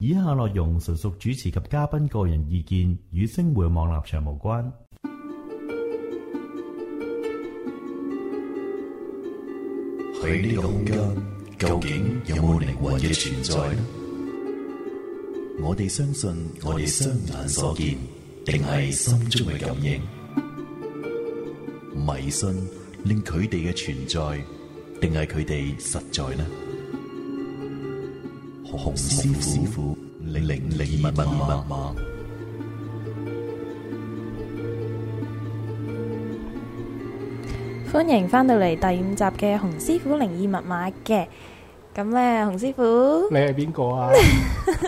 以下內容純屬，屬主持及嘉賓個人意見，與星匯網立場無關。喺呢個空間，究竟有冇靈魂嘅存在呢？有有在我哋相信我哋雙眼所見，定係心中嘅感應？迷信令佢哋嘅存在，定係佢哋實在呢？洪師傅，靈異密碼。歡迎翻到嚟第五集嘅洪師傅靈異密碼嘅，咁咧洪師傅，你係邊個啊？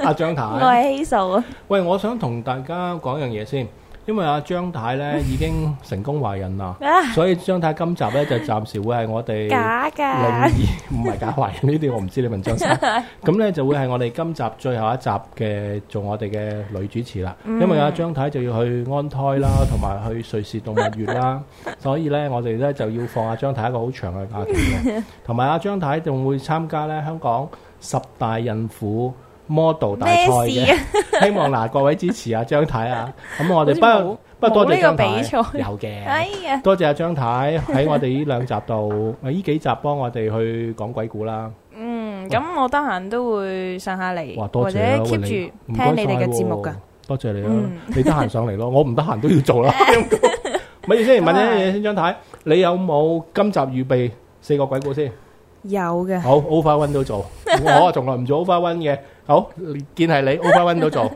阿張太，我係 Hazel。喂，我想同大家講一樣嘢先。因為阿張太咧已經成功懷孕啦， 所以張太今集咧就暫時會係我哋假嘅的，唔 係假懷孕，呢啲我唔知，你問張太。咁咧就會係我哋今集最後一集嘅做我哋嘅女主持啦。嗯、因為阿張太就要去安胎啦，同埋去瑞士動物園啦， 所以咧我哋咧就要放阿張太一個好長嘅假期。同埋阿張太仲會參加咧香港十大孕婦。model 大賽嘅，希望嗱各位支持啊張太啊，咁我哋不過不過多謝張太，呢個比賽，有嘅，多謝阿張太喺我哋呢兩集度，呢幾集幫我哋去講鬼故啦。嗯，咁我得閒都會上下嚟，或者 keep 住聽你哋嘅節目噶。多謝你啊，你得閒上嚟咯，我唔得閒都要做啦。咪住先嚟問一樣嘢先，張太，你有冇今集預備四個鬼故先？有嘅，好，OFA ONE 都做，我啊從來唔做 OFA ONE 嘅。好，見係你 Open 做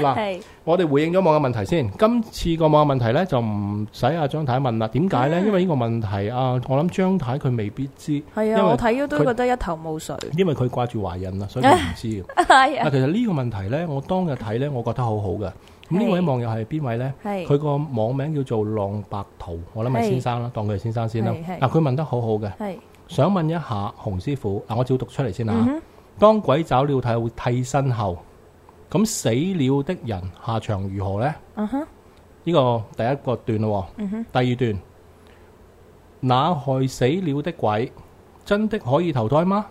嗱，我哋回應咗網友問題先。今次個網友問題咧，就唔使阿張太問啦。點解咧？因為呢個問題啊，我諗張太佢未必知，因為我睇咗都覺得一頭霧水。因為佢掛住懷孕啊，所以佢唔知。啊，其實呢個問題咧，我當日睇咧，我覺得好好嘅。咁呢位網友係邊位咧？係佢個網名叫做浪白圖，我諗係先生啦，當佢係先生先啦。嗱，佢問得好好嘅，想問一下洪師傅。嗱，我照讀出嚟先啦。當鬼找了替替身後，咁死了的人下場如何呢？呢、uh huh. 個第一個段咯。第二段，那害死了的鬼真的可以投胎嗎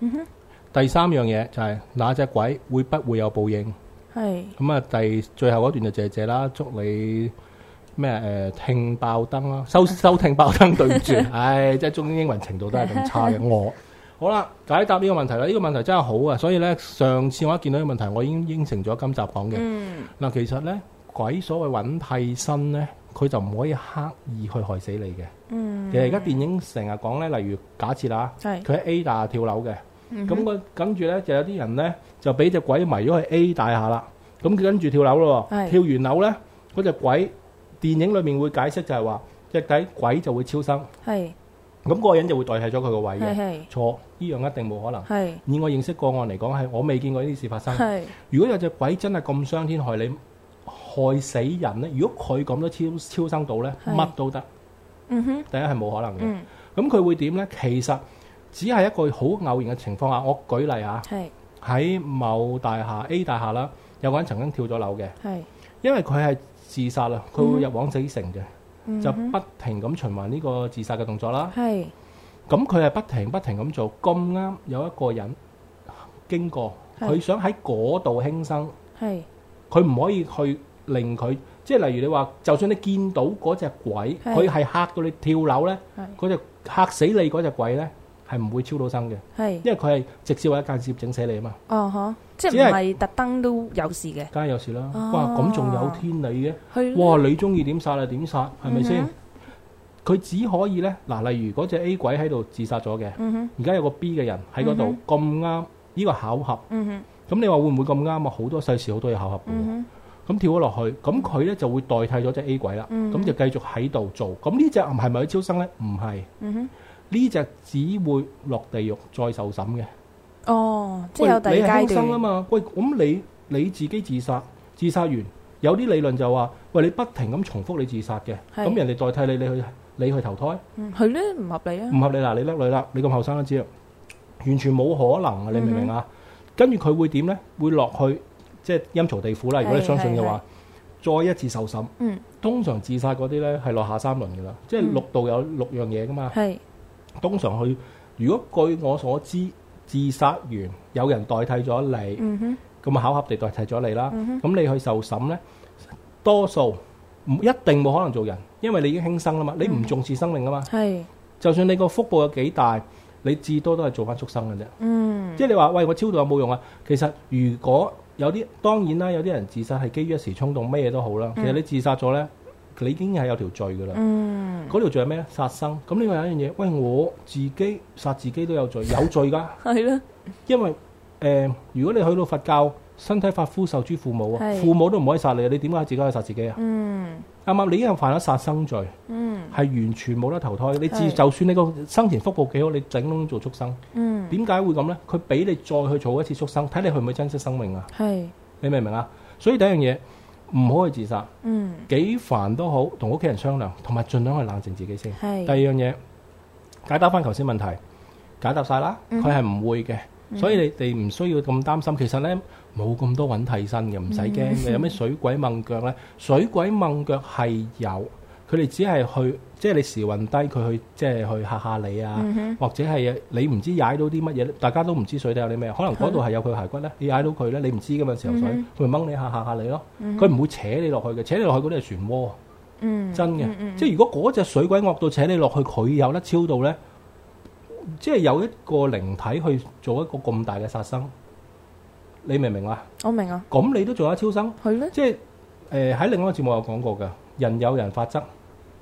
？Uh huh. 第三樣嘢就係、是、那隻鬼不會不會有報應？係咁啊！第、huh. 嗯嗯、最後嗰段就謝謝啦，祝你咩誒、呃、聽爆燈啦，收收聽爆燈對唔住， 唉，即係中英，英文程度都係咁差嘅、啊、我。好啦，解答呢個問題啦，呢、呢個問題真係好啊，所以呢，上次我一見到呢個問題，我已經應承咗今集講嘅。嗱、嗯，其實呢，鬼所謂揾替身呢，佢就唔可以刻意去害死你嘅。嗯、其實而家電影成日講呢，例如假設啦，佢喺是 A 大跳樓嘅，咁佢、嗯、哼跟住呢，就有啲人呢，就俾隻鬼迷咗去 A 大廈啦，咁佢跟住跳樓咯，是跳完樓呢，嗰隻鬼，電影裏面會解釋就係話隻鬼就會超生。咁嗰個人就會代替咗佢個位嘅錯，呢是是 樣一定冇可能。是 以我認識個案嚟講，係我未見過呢啲事發生。是 如果有隻鬼真係咁傷天害理，害死人咧，如果佢咁都超超生到呢，乜是 都得。嗯、哼，第一係冇可能嘅。咁佢、嗯、會點呢？其實只係一個好偶然嘅情況下，我舉例嚇，喺是 某大廈 A 大廈啦，有個人曾經跳咗樓嘅，是 因為佢係自殺啦，佢會入往死城嘅。嗯嗯就不停咁循環呢個自殺嘅動作啦。係是，咁佢係不停不停咁做。咁啱有一個人經過，佢是想喺嗰度輕生。係是，佢唔可以去令佢，即係例如你話，就算你見到嗰隻鬼，佢係是嚇到你跳樓咧，嗰隻是嚇死你嗰隻鬼咧。係唔會超到生嘅，因為佢係直接或者間接整死你啊嘛。哦，吓，即係唔係特登都有事嘅。梗係有事啦！哇，咁仲有天理嘅？哇，你中意點殺就點殺，係咪先？佢只可以咧嗱，例如嗰隻 A 鬼喺度自殺咗嘅，而家有個 B 嘅人喺嗰度咁啱呢個巧合。咁你話會唔會咁啱啊？好多世事好多嘢巧合。咁跳咗落去，咁佢咧就會代替咗隻 A 鬼啦。咁就繼續喺度做。咁呢隻係咪去超生咧？唔係。呢隻只會落地獄再受審嘅。哦，即係有第二階段啊嘛。喂，咁你你自己自殺，自殺完有啲理論就話，喂，你不停咁重複你自殺嘅，咁人哋代替你，你去你去投胎，係咧唔合理啊。唔合理嗱，你叻女啦，你咁後生都知完全冇可能啊，你明唔明啊？跟住佢會點呢？會落去即係陰曹地府啦。如果你相信嘅話，再一次受審。嗯。通常自殺嗰啲呢係落下三輪噶啦，即係六道有六樣嘢噶嘛。係。通常去，如果據我所知，自殺完有人代替咗你，咁、嗯、哼巧合地代替咗你啦，咁、嗯、哼你去受審呢，多數唔一定冇可能做人，因為你已經輕生啦嘛，你唔重視生命啊嘛，係、嗯哼，就算你個福報有幾大，你至多都係做翻畜生嘅啫，嗯，即係你話喂我超度有冇用啊？其實如果有啲當然啦，有啲人自殺係基於一時衝動，咩嘢都好啦，其實你自殺咗呢。嗯你已經係有條罪噶啦，嗰條罪係咩？殺生。咁你話有一樣嘢，喂，我自己殺自己都有罪，有罪噶。係啦，因為誒，如果你去到佛教，身體髮膚受諸父母啊，父母都唔可以殺你，你點解自己去殺自己啊？嗯，啱啱？你依樣犯咗殺生罪。嗯，係完全冇得投胎，你至就算你個生前福報幾好，你整窿做畜生。嗯，點解會咁咧？佢俾你再去做一次畜生，睇你可唔可以珍惜生命啊？係，你明唔明啊？所以第一樣嘢。唔好去自殺，幾、嗯、煩都好，同屋企人商量，同埋盡量去冷靜自己先。是第二樣嘢解答翻頭先問題，解答晒啦，佢係唔會嘅，嗯、所以你哋唔需要咁擔心。其實呢，冇咁多揾替身嘅，唔使驚嘅。嗯、有咩水鬼掹腳呢？ 水鬼掹腳係有。佢哋只係去，即係你時運低，佢去即係去嚇嚇你啊！嗯、哼或者係你唔知踩到啲乜嘢，大家都唔知水底有啲咩，可能嗰度係有佢嘅鞋骨咧，你踩到佢咧，你唔知噶嘛？時候水佢咪掹你嚇嚇嚇你咯！佢唔、嗯、哼會扯你落去嘅，扯你落去嗰啲係漩渦，真嘅。即係如果嗰隻水鬼惡到扯你落去，佢有得超度咧，即係有一個靈體去做一個咁大嘅殺生，你明唔明啊？我明啊！咁你都做得超生，係咩的？即係誒喺另一個節目有講過嘅。人有人法則，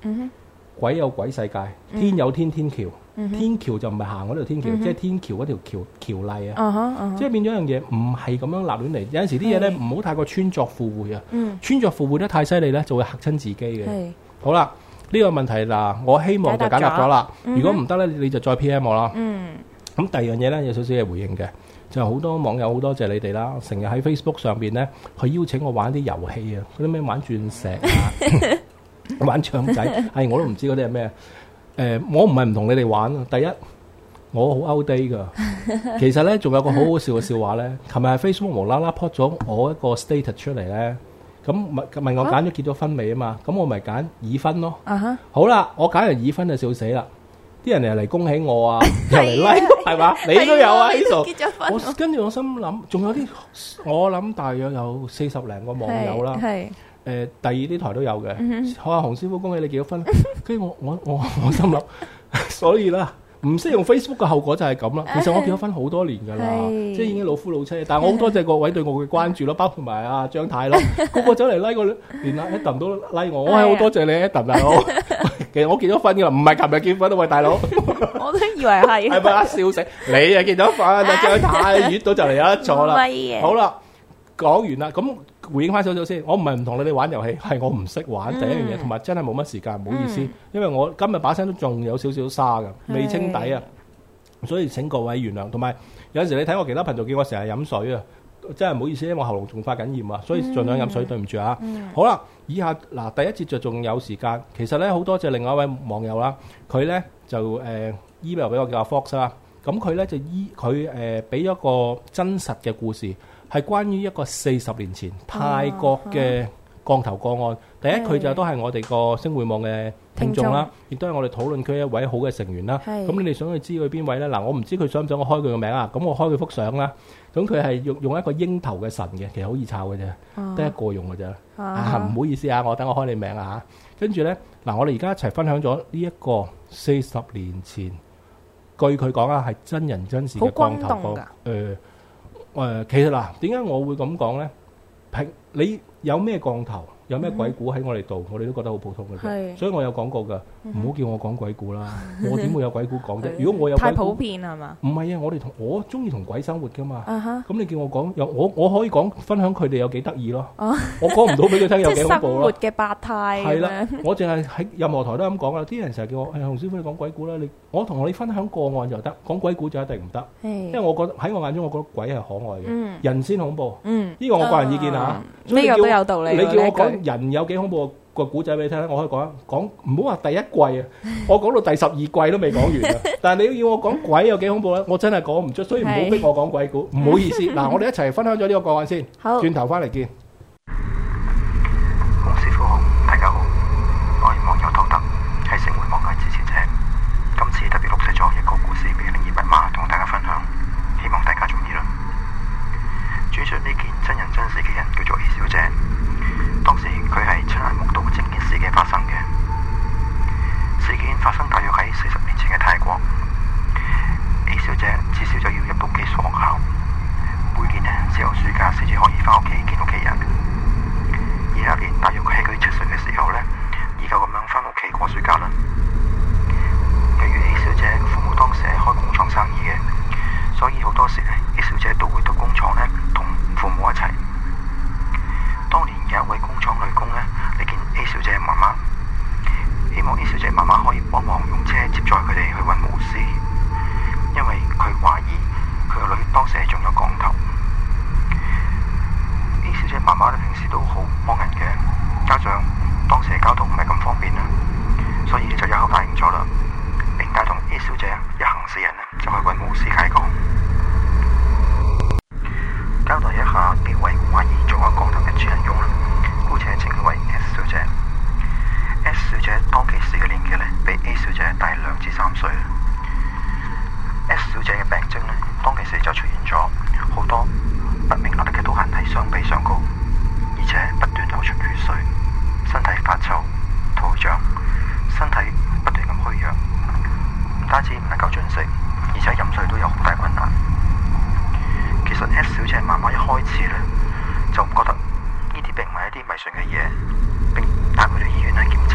嗯、哼鬼有鬼世界，天有天天橋，嗯、哼天橋就唔係行我條天橋，嗯、哼即係天橋嗰條橋，橋例啊，嗯嗯、即係變咗一樣嘢，唔係咁樣立亂嚟。嗯、哼有陣時啲嘢咧，唔好太過穿鑿附會啊，嗯、穿鑿附會得太犀利咧，就會嚇親自己嘅。嗯、哼好啦，呢、呢個問題嗱，我希望就解答咗啦。嗯、哼如果唔得咧，你就再 PM 我啦。咁、嗯、第二樣嘢咧，有少少嘅回應嘅。就好多網友好多謝你哋啦，成日喺 Facebook 上邊咧，佢邀請我玩啲遊戲啊，嗰啲咩玩鑽石、啊， 玩唱仔，係、哎、我都唔知嗰啲係咩。誒、呃，我唔係唔同你哋玩啊。第一，我好 out day 噶。其實咧，仲有個好好笑嘅笑話咧，琴日 Facebook 無啦啦 po 咗我一個 status 出嚟咧，咁咪問我揀咗結咗婚未啊嘛，咁、啊、我咪揀已婚咯。啊哼好啦，我揀完已婚就笑死啦。啲人又嚟恭喜我啊，又嚟 like，係嘛？你都有啊，呢度。我跟住我心諗，仲有啲我諗大約有四十零個網友啦。係。誒，第二啲台都有嘅。我阿洪師傅恭喜你結咗婚。跟住我我我我心諗，所以啦，唔識用 Facebook 嘅後果就係咁啦。其實我結咗婚好多年噶啦，即係已經老夫老妻。但係我好多謝各位對我嘅關注咯，包括埋阿張太咯，個個走嚟 like 個，連阿 Eden 都 like 我。我係好多謝你 Eden 大佬。其實我結咗婚噶啦，唔係琴日結婚啦，喂大佬，我都以為係，係咪啊？笑死，你啊結咗婚，太熱到就嚟有得坐啦，好啦，講完啦，咁回應翻少少先。我唔係唔同你哋玩遊戲，係我唔識玩第一樣嘢，同埋真係冇乜時間，唔好意思，因為我今日把聲都仲有少少沙嘅，未清底啊，所以請各位原諒，同埋有陣時你睇我其他頻道，見我成日飲水啊。真係唔好意思咧，因為我喉嚨仲發緊炎啊，所以儘量飲水，對唔住啊！嗯嗯、好啦，以下嗱第一節就仲有時間，其實咧好多謝另外一位網友啦，佢咧就誒 email 俾我叫阿 Fox 啦，咁佢咧就依佢誒俾一個真實嘅故事，係關於一個四十年前泰國嘅、嗯。嗯降頭個案，第一佢就都係我哋個星匯網嘅聽眾啦，亦都係我哋討論區一位好嘅成員啦。咁你哋想去知佢邊位咧？嗱，我唔知佢想唔想我開佢個名啊。咁我開佢幅相啦。咁佢係用用一個鷹頭嘅神嘅，其實好易炒嘅啫，得一個用嘅啫。唔好意思啊，我等我開你名啊嚇。跟住咧，嗱，我哋而家一齊分享咗呢一個四十年前據佢講啊，係真人真事嘅降頭個。誒誒，其實嗱，點解我會咁講咧？平你。有咩降頭？有咩鬼故喺我哋度？嗯、我哋都覺得好普通是所以我有講過㗎。唔好叫我講鬼故啦，我點會有鬼故講啫？如果我有太普遍係嘛？唔係啊，我哋同我中意同鬼生活噶嘛。咁、uh huh. 你叫我講有我我可以講分享佢哋有幾得意咯。Uh huh. 我講唔到俾佢聽有幾恐怖 活嘅百態係啦，的 我淨係喺任何台都係咁講噶。啲人成日叫我誒，洪、哎、師傅你講鬼故啦。你我同你分享個案就得，講鬼故就一定唔得。Uh huh. 因為我覺得喺我眼中，我覺得鬼係可愛嘅，uh huh. 人先恐怖。呢、uh huh. 個我個人意見啊。呢個都有道理。你叫我講人有幾恐怖？個故仔俾你聽啦，我可以講，講唔好話第一季啊，我講到第十二季都未講完啊，但係你要我講鬼有幾恐怖咧？我真係講唔出，所以唔好逼我講鬼故。唔好意思。嗱， 我哋一齊分享咗呢個個案先，好，轉頭翻嚟見。開始咧，就唔覺得呢啲並唔係一啲迷信嘅嘢，並帶佢去醫院去檢查。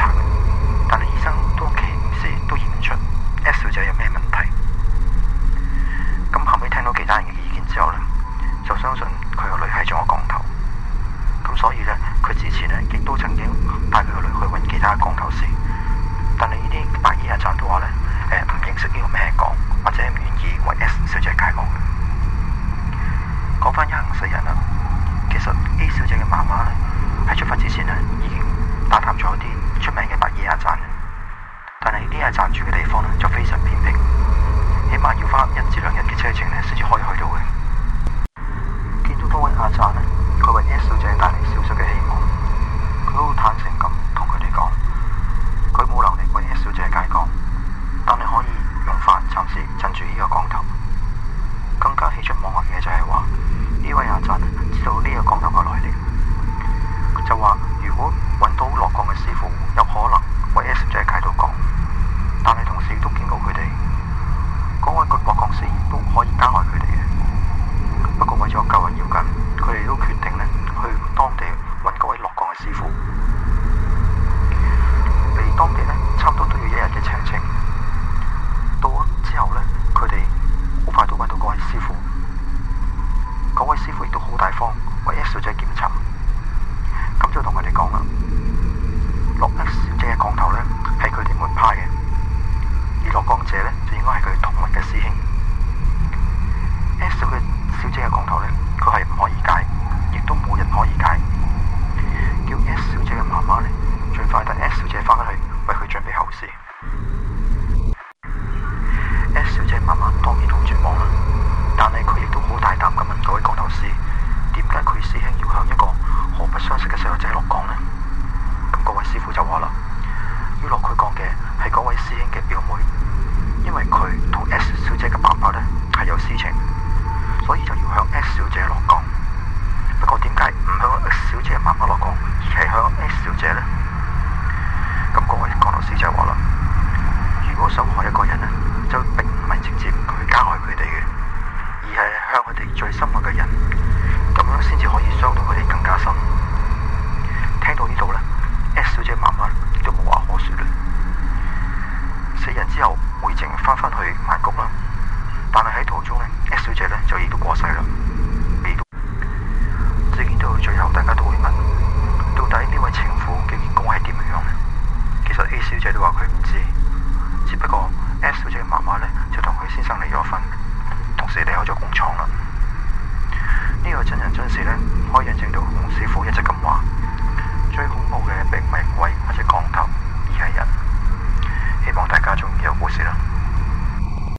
過生日。